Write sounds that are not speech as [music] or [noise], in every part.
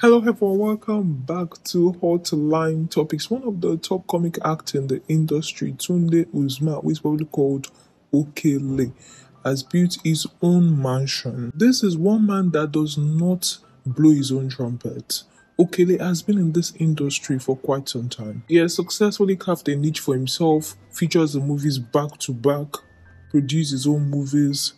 Hello everyone, welcome back to Hotline Topics. One of the top comic acts in the industry, Tunde Uzma, who is probably called Okele, has built his own mansion. This is one man that does not blow his own trumpet. Okele has been in this industry for quite some time. He has successfully carved a niche for himself, features the movies back to back, produced his own movies,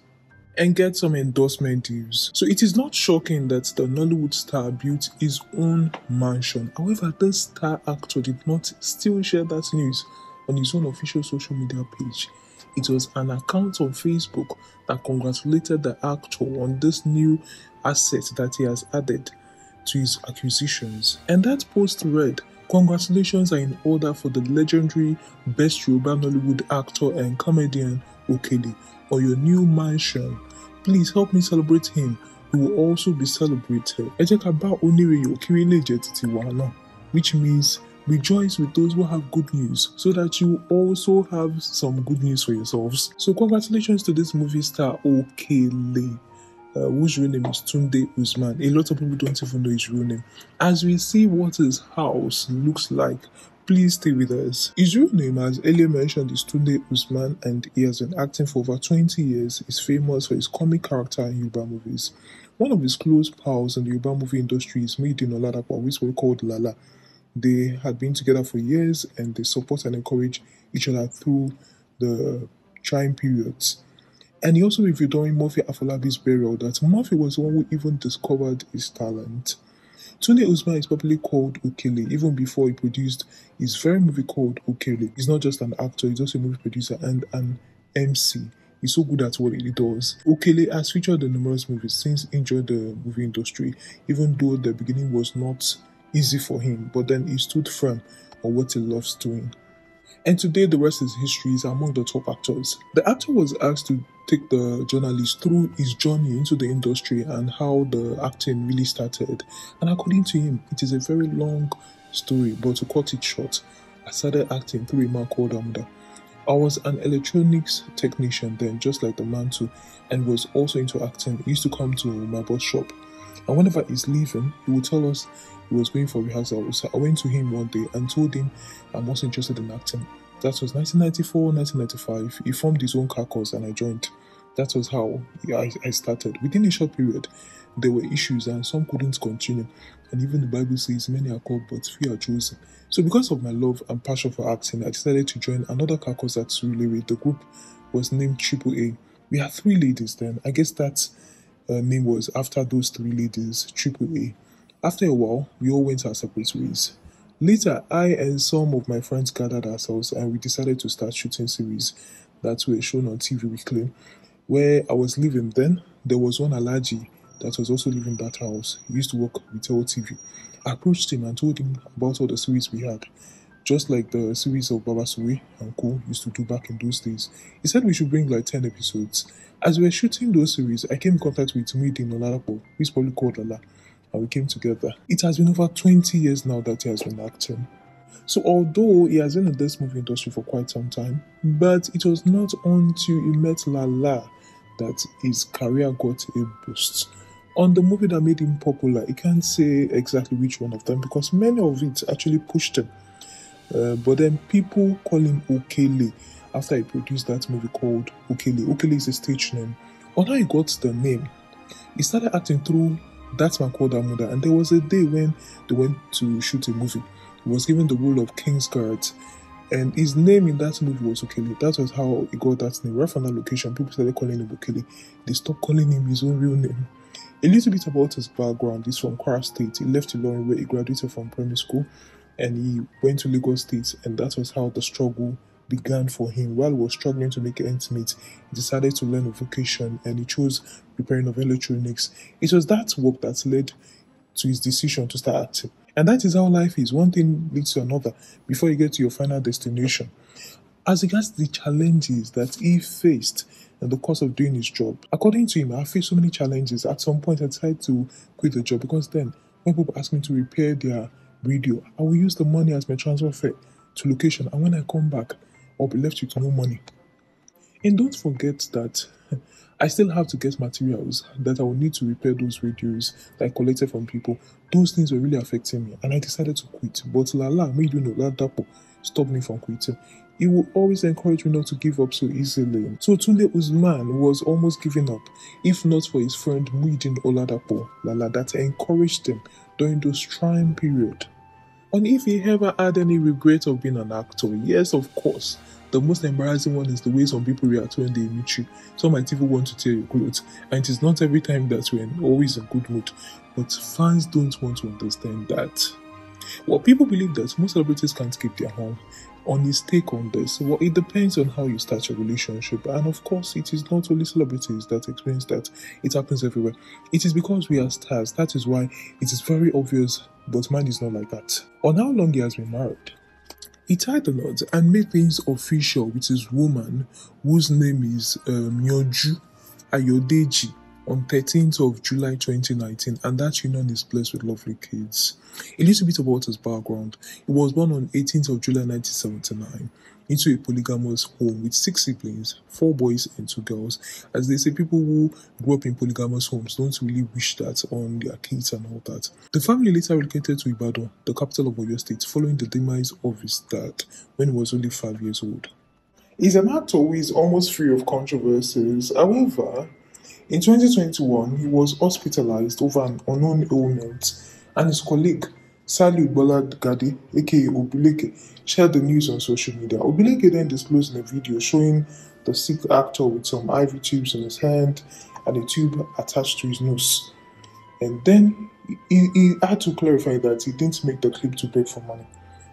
and get some endorsement deals. So it is not shocking that the Nollywood star built his own mansion. However, this star actor did not still share that news on his own official social media page. It was an account on Facebook that congratulated the actor on this new asset that he has added to his acquisitions. And that post read, Congratulations are in order for the legendary best Yoruba Nollywood actor and comedian Okele or your new mansion. Please help me celebrate him. He will also be celebrated. Ẹ jẹ́ which means rejoice with those who have good news so that you also have some good news for yourselves. So, congratulations to this movie star, Okele. Uh, whose real name is Tunde Usman. A lot of people don't even know his real name. As we see what his house looks like, Please stay with us. His real name, as earlier mentioned, is Tunde Usman, and he has been acting for over 20 years. He's famous for his comic character in Yoruba movies. One of his close pals in the Yoruba movie industry is Maiden which we call Lala. They had been together for years, and they support and encourage each other through the trying periods. And he also revealed during Murphy Afolabi's burial that Murphy was the one who even discovered his talent. Tunde Usman is popularly called Okele even before he produced his very movie called Okele. He's not just an actor, he's also a movie producer and an MC. He's so good at what he does. Okele has featured in numerous movies since he joined the movie industry, even though the beginning was not easy for him, but then he stood firm on what he loves doing and today the rest is history is among the top actors. The actor was asked to take the journalist through his journey into the industry and how the acting really started. And according to him, it is a very long story, but to cut it short, I started acting through a man called Amda. I was an electronics technician then, just like the man too, and was also into acting. He used to come to my boss shop. And whenever he's leaving, he would tell us he was going for rehearsal. So I went to him one day and told him I was interested in acting. That was 1994, 1995. He formed his own carcass and I joined. That was how I, I started. Within a short period, there were issues and some couldn't continue. And even the Bible says, Many are called, but few are chosen. So, because of my love and passion for acting, I decided to join another carcass at really The group was named Triple A. We had three ladies then. I guess that uh, name was after those three ladies, Triple A. After a while, we all went our separate ways. Later, I and some of my friends gathered ourselves and we decided to start shooting series that were shown on TV weekly. Where I was living then, there was one Alaji that was also living that house. He used to work with TV. I approached him and told him about all the series we had, just like the series of Baba Suwe and Co used to do back in those days. He said we should bring like 10 episodes. As we were shooting those series, I came in contact with Midi Nolarapo, who is probably called Lala and we came together. It has been over 20 years now that he has been acting. So, although he has been in this movie industry for quite some time, but it was not until he met Lala that his career got a boost. On the movie that made him popular, he can't say exactly which one of them because many of it actually pushed him. Uh, but then people call him Okele after he produced that movie called Okele. Okele is a stage name. On he got the name, he started acting through that man called mother. and there was a day when they went to shoot a movie. He was given the role of Kingsguard, and his name in that movie was Okele. That was how he got that name. Right from that location, people started calling him Okele. They stopped calling him his own real name. A little bit about his background. He's from Kwara State. He left Ilorin where he graduated from primary school and he went to Lagos State, and that was how the struggle began for him while he was struggling to make ends meet. He decided to learn a vocation and he chose repairing of electronics. It was that work that led to his decision to start acting. And that is how life is. One thing leads to another before you get to your final destination. As regards the challenges that he faced in the course of doing his job, according to him, I faced so many challenges. At some point, I tried to quit the job because then when people ask me to repair their radio, I will use the money as my transfer fare to location. And when I come back, or be left with no money. And don't forget that [laughs] I still have to get materials that I will need to repair those radios that I collected from people. Those things were really affecting me, and I decided to quit. But Lala made you know that Dapo stopped me from quitting. He will always encourage me not to give up so easily. So Tunde Usman was almost giving up, if not for his friend Muidin Oladapo, Lala, that encouraged him during those trying period. And if he ever had any regret of being an actor, yes, of course, the most embarrassing one is the way some people react when they meet you. Some might even want to tear your clothes, and it is not every time that we're always in good mood. But fans don't want to understand that. Well, people believe that most celebrities can't keep their home. On his take on this, well, it depends on how you start your relationship, and of course, it is not only celebrities that experience that, it happens everywhere. It is because we are stars, that is why it is very obvious, but mine is not like that. On how long he has been married, he tied knot and made things official with his woman, whose name is um, Ayodeji on 13th of July 2019, and that union is blessed with lovely kids. A little bit about his background. He was born on 18th of July 1979 into a polygamous home with six siblings, four boys and two girls. As they say, people who grow up in polygamous homes don't really wish that on their kids and all that. The family later relocated to Ibadan, the capital of Oyo State, following the demise of his dad when he was only five years old. He's an actor who is almost free of controversies. However, in 2021, he was hospitalized over an unknown ailment, and his colleague Sally Gadi, aka Obileke, shared the news on social media. Obileke then disclosed in a video showing the sick actor with some IV tubes in his hand and a tube attached to his nose. And then he, he had to clarify that he didn't make the clip to beg for money,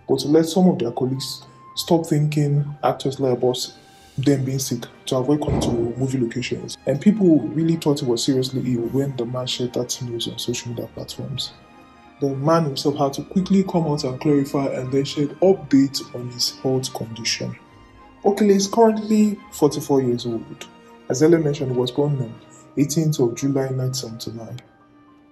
but to let some of their colleagues stop thinking actors like about them being sick to avoid coming to movie locations. And people really thought he was seriously ill when the man shared that news on social media platforms. The man himself had to quickly come out and clarify and then shared updates on his health condition. Okele is currently 44 years old. As Ellen mentioned, he was born on 18th of July 1979.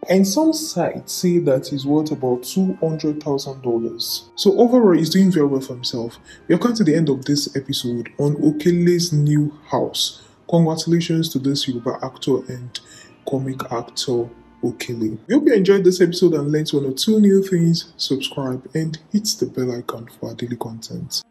And some sites say that he's worth about $200,000. So overall, he's doing very well for himself. We have come to the end of this episode on Okele's new house. Congratulations to this Yoruba actor and comic actor Okele. We hope you enjoyed this episode and learned one or two new things. Subscribe and hit the bell icon for our daily content.